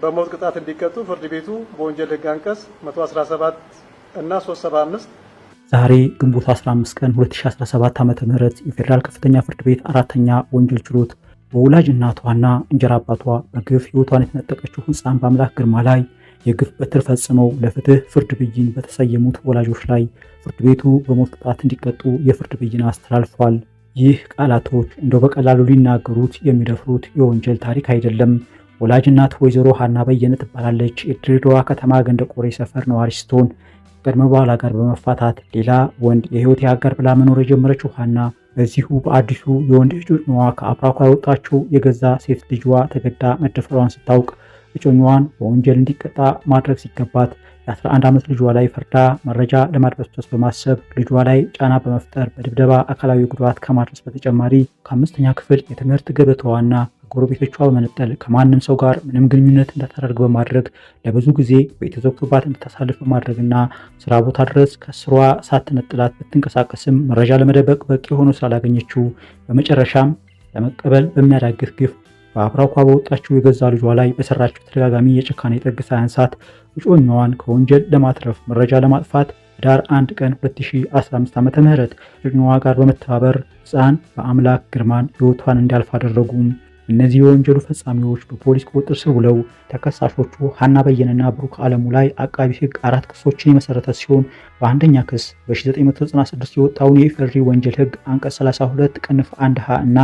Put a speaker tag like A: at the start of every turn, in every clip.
A: በሞት ቅጣት እንዲቀጡ ፍርድ ቤቱ በወንጀል ህግ አንቀጽ 117 እና 375
B: ዛሬ ግንቦት 15 ቀን 2017 ዓ.ም የፌዴራል ከፍተኛ ፍርድ ቤት አራተኛ ወንጀል ችሎት በወላጅ እናቷና እንጀራ አባቷ በግፍ ህይወቷን የተነጠቀችው ሕፃን በአምላክ ግርማ ላይ የግፍ በትር ፈጽመው ለፍትህ ፍርድ ብይን በተሰየሙት ወላጆች ላይ ፍርድ ቤቱ በሞት ቅጣት እንዲቀጡ የፍርድ ብይን አስተላልፏል። ይህ ቃላቶች እንደው በቀላሉ ሊናገሩት የሚደፍሩት የወንጀል ታሪክ አይደለም። ወላጅ እናት ወይዘሮ ሀና በየነ ትባላለች። የድሬዳዋ ከተማ ገንደ ቆሬ ሰፈር ነዋሪ ስትሆን ከቀድሞ ባሏ ጋር በመፋታት ሌላ ወንድ የህይወት አጋር ብላ መኖር የጀመረችው ሀና በዚሁ በአዲሱ የወንድ እጮኛዋ ከአብራኳ ያወጣችው የገዛ ሴት ልጅዋ ተገዳ መደፈሯን ስታውቅ እጮኛዋን በወንጀል እንዲቀጣ ማድረግ ሲገባት የ11 ዓመት ልጇ ላይ ፈርዳ መረጃ ለማድበስበስ በማሰብ ልጇ ላይ ጫና በመፍጠር በድብደባ አካላዊ ጉዳት ከማድረስ በተጨማሪ ከአምስተኛ ክፍል የትምህርት ገበታዋና ጎረቤቶቿ በመነጠል ከማንም ሰው ጋር ምንም ግንኙነት እንዳታደርግ በማድረግ ለብዙ ጊዜ ቤት ተዘግቶባት እንድታሳልፍ በማድረግና ስራ ቦታ ድረስ ከስሯ ሳትነጥላት ብትንቀሳቀስም መረጃ ለመደበቅ በቂ ሆኖ ስላላገኘችው በመጨረሻም ለመቀበል በሚያዳግት ግፍ በአብራኳ በወጣችው የገዛ ልጇ ላይ በሰራችው ተደጋጋሚ የጭካኔ ጥግ ሳያንሳት እጮኛዋን ከወንጀል ለማትረፍ መረጃ ለማጥፋት ዳር 1 ቀን 2015 ም እጮኛዋ ጋር በመተባበር ህፃን በአምላክ ግርማን ህይወቷን እንዲያልፍ አደረጉም። እነዚህ የወንጀሉ ፈጻሚዎች በፖሊስ ቁጥጥር ስር ውለው ተከሳሾቹ ሀና በየነና ብሩክ አለሙ ላይ አቃቢ ህግ አራት ክሶችን የመሰረተ ሲሆን በአንደኛ ክስ በ1996 የወጣውን የኢፌዴሪ ወንጀል ህግ አንቀጽ 32 ቅንፍ 1 ሀ እና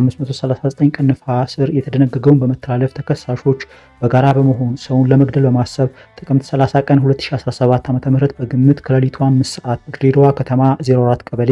B: 539 ቅንፍ ሀ ስር የተደነገገውን በመተላለፍ ተከሳሾች በጋራ በመሆን ሰውን ለመግደል በማሰብ ጥቅምት 30 ቀን 2017 ዓ ም በግምት ከሌሊቱ 5 ሰዓት ድሬዳዋ ከተማ 04 ቀበሌ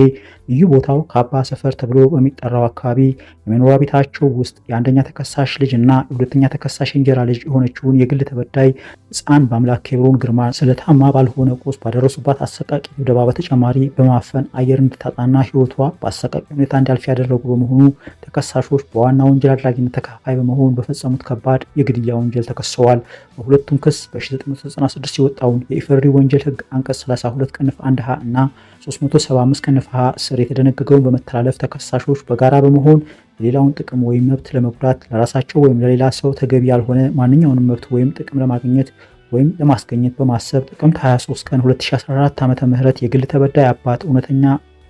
B: ልዩ ቦታው ካባ ሰፈር ተብሎ በሚጠራው አካባቢ የመኖሪያ ቤታቸው ውስጥ የአንደኛ ተከሳሽ ልጅ እና የሁለተኛ ተከሳሽ እንጀራ ልጅ የሆነችውን የግል ተበዳይ ህፃን በአምላክ ኬብሮን ግርማ ስለታማ ባልሆነ ቁስ ባደረሱባት አሰቃቂ ድብደባ በተጨማሪ በማፈን አየር እንድታጣና ህይወቷ በአሰቃቂ ሁኔታ እንዲያልፍ ያደረጉ በመሆኑ ተከሳሾች በዋና ወንጀል አድራጊነት ተካፋይ በመሆን በፈጸሙት ከባድ የግድያ ወንጀል ተከሰዋል። በሁለቱም ክስ በ1996 የወጣውን የኢፈሪ ወንጀል ህግ አንቀጽ 32 ቅንፍ 1 ሀ እና 375 ቅንፍ ሀ ስር የተደነገገውን በመተላለፍ ተከሳሾች በጋራ በመሆን የሌላውን ጥቅም ወይም መብት ለመጉዳት ለራሳቸው ወይም ለሌላ ሰው ተገቢ ያልሆነ ማንኛውንም መብት ወይም ጥቅም ለማግኘት ወይም ለማስገኘት በማሰብ ጥቅምት 23 ቀን 2014 ዓ ም የግል ተበዳይ አባት እውነተኛ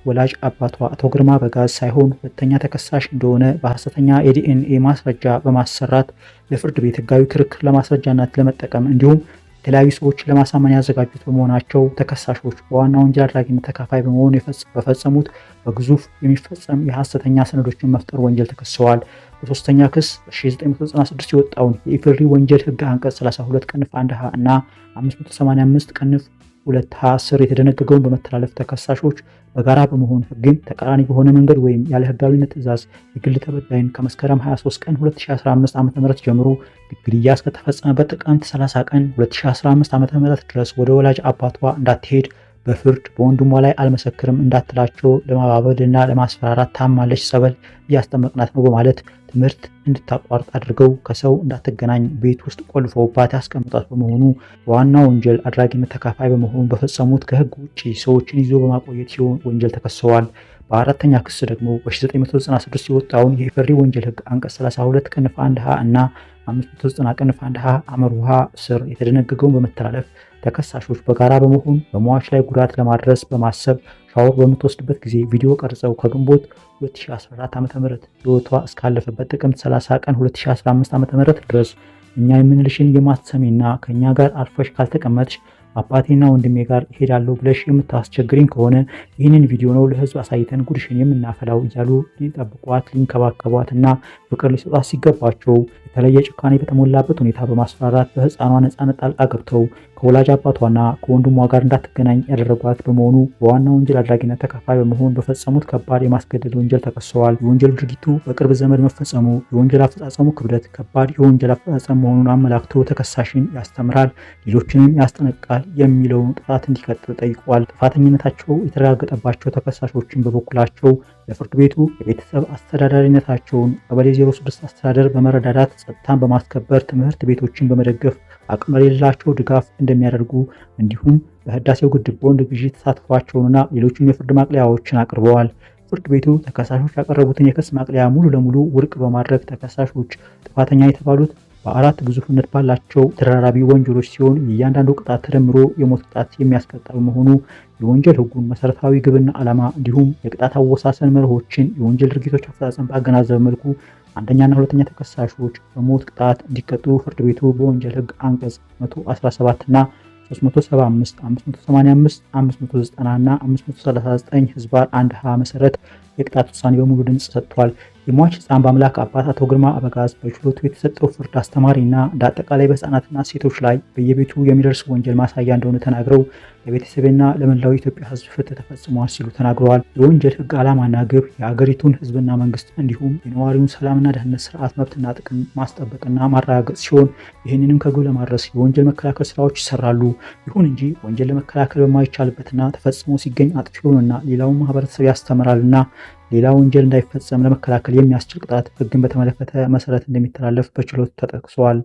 B: ወላጅ አባቷ አቶ ግርማ በጋዝ ሳይሆን ሁለተኛ ተከሳሽ እንደሆነ በሐሰተኛ የዲኤንኤ ማስረጃ በማሰራት ለፍርድ ቤት ህጋዊ ክርክር ለማስረጃነት ለመጠቀም እንዲሁም የተለያዩ ሰዎች ለማሳመን ያዘጋጁት በመሆናቸው ተከሳሾች በዋና ወንጀል አድራጊነት ተካፋይ በመሆኑ በፈጸሙት በግዙፍ የሚፈጸም የሐሰተኛ ሰነዶችን መፍጠር ወንጀል ተከሰዋል። በሶስተኛ ክስ 1996 የወጣውን የኢፍሪ ወንጀል ህግ አንቀጽ 32 ቅንፍ 1 ሀ እና 585 ቅንፍ ሁለት ሀ ስር የተደነገገውን በመተላለፍ ተከሳሾች በጋራ በመሆን ህግን ተቃራኒ በሆነ መንገድ ወይም ያለ ህጋዊነት ትእዛዝ የግል ተበዳይን ከመስከረም 23 ቀን 2015 ዓ ም ጀምሮ ግድያ እስከተፈጸመበት ጥቅምት 30 ቀን 2015 ዓ ም ድረስ ወደ ወላጅ አባቷ እንዳትሄድ በፍርድ በወንድሟ ላይ አልመሰክርም እንዳትላቸው ለማባበልና ለማስፈራራት ታማለች፣ ጸበል እያስጠመቅናት ነው በማለት ትምህርት እንድታቋርጥ አድርገው ከሰው እንዳትገናኝ ቤት ውስጥ ቆልፈውባት ያስቀምጧት በመሆኑ በዋና ወንጀል አድራጊነት ተካፋይ በመሆኑ በፈጸሙት ከህግ ውጭ ሰዎችን ይዞ በማቆየት ሲሆን ወንጀል ተከሰዋል። በአራተኛ ክስ ደግሞ በ1996 የወጣውን የኢፌዴሪ ወንጀል ህግ አንቀጽ 32 ቅንፍ 1 ሀ እና 590 ቅንፍ 1 ሀ አመር ውሃ ስር የተደነገገውን በመተላለፍ ተከሳሾች በጋራ በመሆን በሟች ላይ ጉዳት ለማድረስ በማሰብ ሻወር በምትወስድበት ጊዜ ቪዲዮ ቀርጸው ከግንቦት 2014 ም ህይወቷ እስካለፈበት ጥቅምት 30 ቀን 2015 ም ድረስ እኛ የምንልሽን የማትሰሚና ከእኛ ጋር አርፈሽ ካልተቀመጥሽ አባቴና ወንድሜ ጋር እሄዳለሁ ብለሽ የምታስቸግሪኝ ከሆነ ይህንን ቪዲዮ ነው ለህዝብ አሳይተን ጉድሽን የምናፈላው እያሉ ሊጠብቋት ሊንከባከቧት እና ፍቅር ሊሰጧት ሲገባቸው የተለየ ጭካኔ በተሞላበት ሁኔታ በማስፈራራት በህፃኗ ነፃነት ጣልቃ ገብተው ከወላጅ አባቷና ከወንድሟ ጋር እንዳትገናኝ ያደረጓት በመሆኑ በዋና ወንጀል አድራጊነት ተካፋይ በመሆን በፈጸሙት ከባድ የማስገደድ ወንጀል ተከሰዋል። የወንጀል ድርጊቱ በቅርብ ዘመድ መፈጸሙ የወንጀል አፈጻጸሙ ክብደት ከባድ የወንጀል አፈጻጸም መሆኑን አመላክቶ ተከሳሽን ያስተምራል፣ ሌሎችንም ያስጠነቅቃል የሚለውን ጥፋት እንዲቀጥል ጠይቋል። ጥፋተኝነታቸው የተረጋገጠባቸው ተከሳሾችን በበኩላቸው ለፍርድ ቤቱ የቤተሰብ አስተዳዳሪነታቸውን ቀበሌ 06 አስተዳደር በመረዳዳት ጸጥታን በማስከበር ትምህርት ቤቶችን በመደገፍ አቅም ለሌላቸው ድጋፍ እንደሚያደርጉ እንዲሁም በህዳሴው ግድብ ቦንድ ግዢ ተሳትፏቸውንና ሌሎችም የፍርድ ማቅለያዎችን አቅርበዋል። ፍርድ ቤቱ ተከሳሾች ያቀረቡትን የክስ ማቅለያ ሙሉ ለሙሉ ውድቅ በማድረግ ተከሳሾች ጥፋተኛ የተባሉት በአራት ግዙፍነት ባላቸው ተደራራቢ ወንጀሎች ሲሆን የእያንዳንዱ ቅጣት ተደምሮ የሞት ቅጣት የሚያስቀጣ በመሆኑ የወንጀል ሕጉን መሰረታዊ ግብና ዓላማ እንዲሁም የቅጣት አወሳሰን መርሆችን የወንጀል ድርጊቶች አፈጻጸም ባገናዘበ መልኩ አንደኛና ሁለተኛ ተከሳሾች በሞት ቅጣት እንዲቀጡ ፍርድ ቤቱ በወንጀል ሕግ አንቀጽ 117 እና 375፣ 585፣ 590 እና 539 ህዝባር 1 ሀ መሰረት የቅጣት ውሳኔ በሙሉ ድምፅ ሰጥቷል። የሟች ህፃን በአምላክ አባት አቶ ግርማ አበጋዝ በችሎቱ የተሰጠው ፍርድ አስተማሪና እንደ አጠቃላይ በህፃናትና ሴቶች ላይ በየቤቱ የሚደርስ ወንጀል ማሳያ እንደሆነ ተናግረው ለቤተሰብና ለመላው ኢትዮጵያ ህዝብ ፍትህ ተፈጽሟል ሲሉ ተናግረዋል። የወንጀል ሕግ ዓላማና ግብ የሀገሪቱን ህዝብና መንግስት እንዲሁም የነዋሪውን ሰላምና ደህንነት ስርዓት መብትና ጥቅም ማስጠበቅና ማረጋገጥ ሲሆን ይህንንም ከግብ ለማድረስ የወንጀል መከላከል ስራዎች ይሰራሉ። ይሁን እንጂ ወንጀል ለመከላከል በማይቻልበትና ተፈጽሞ ሲገኝ አጥፊውንና ሌላውን ማህበረሰብ ያስተምራልና ሌላ ወንጀል እንዳይፈጸም ለመከላከል የሚያስችል ቅጣት ህግን በተመለከተ መሰረት እንደሚተላለፍ በችሎት ተጠቅሷል።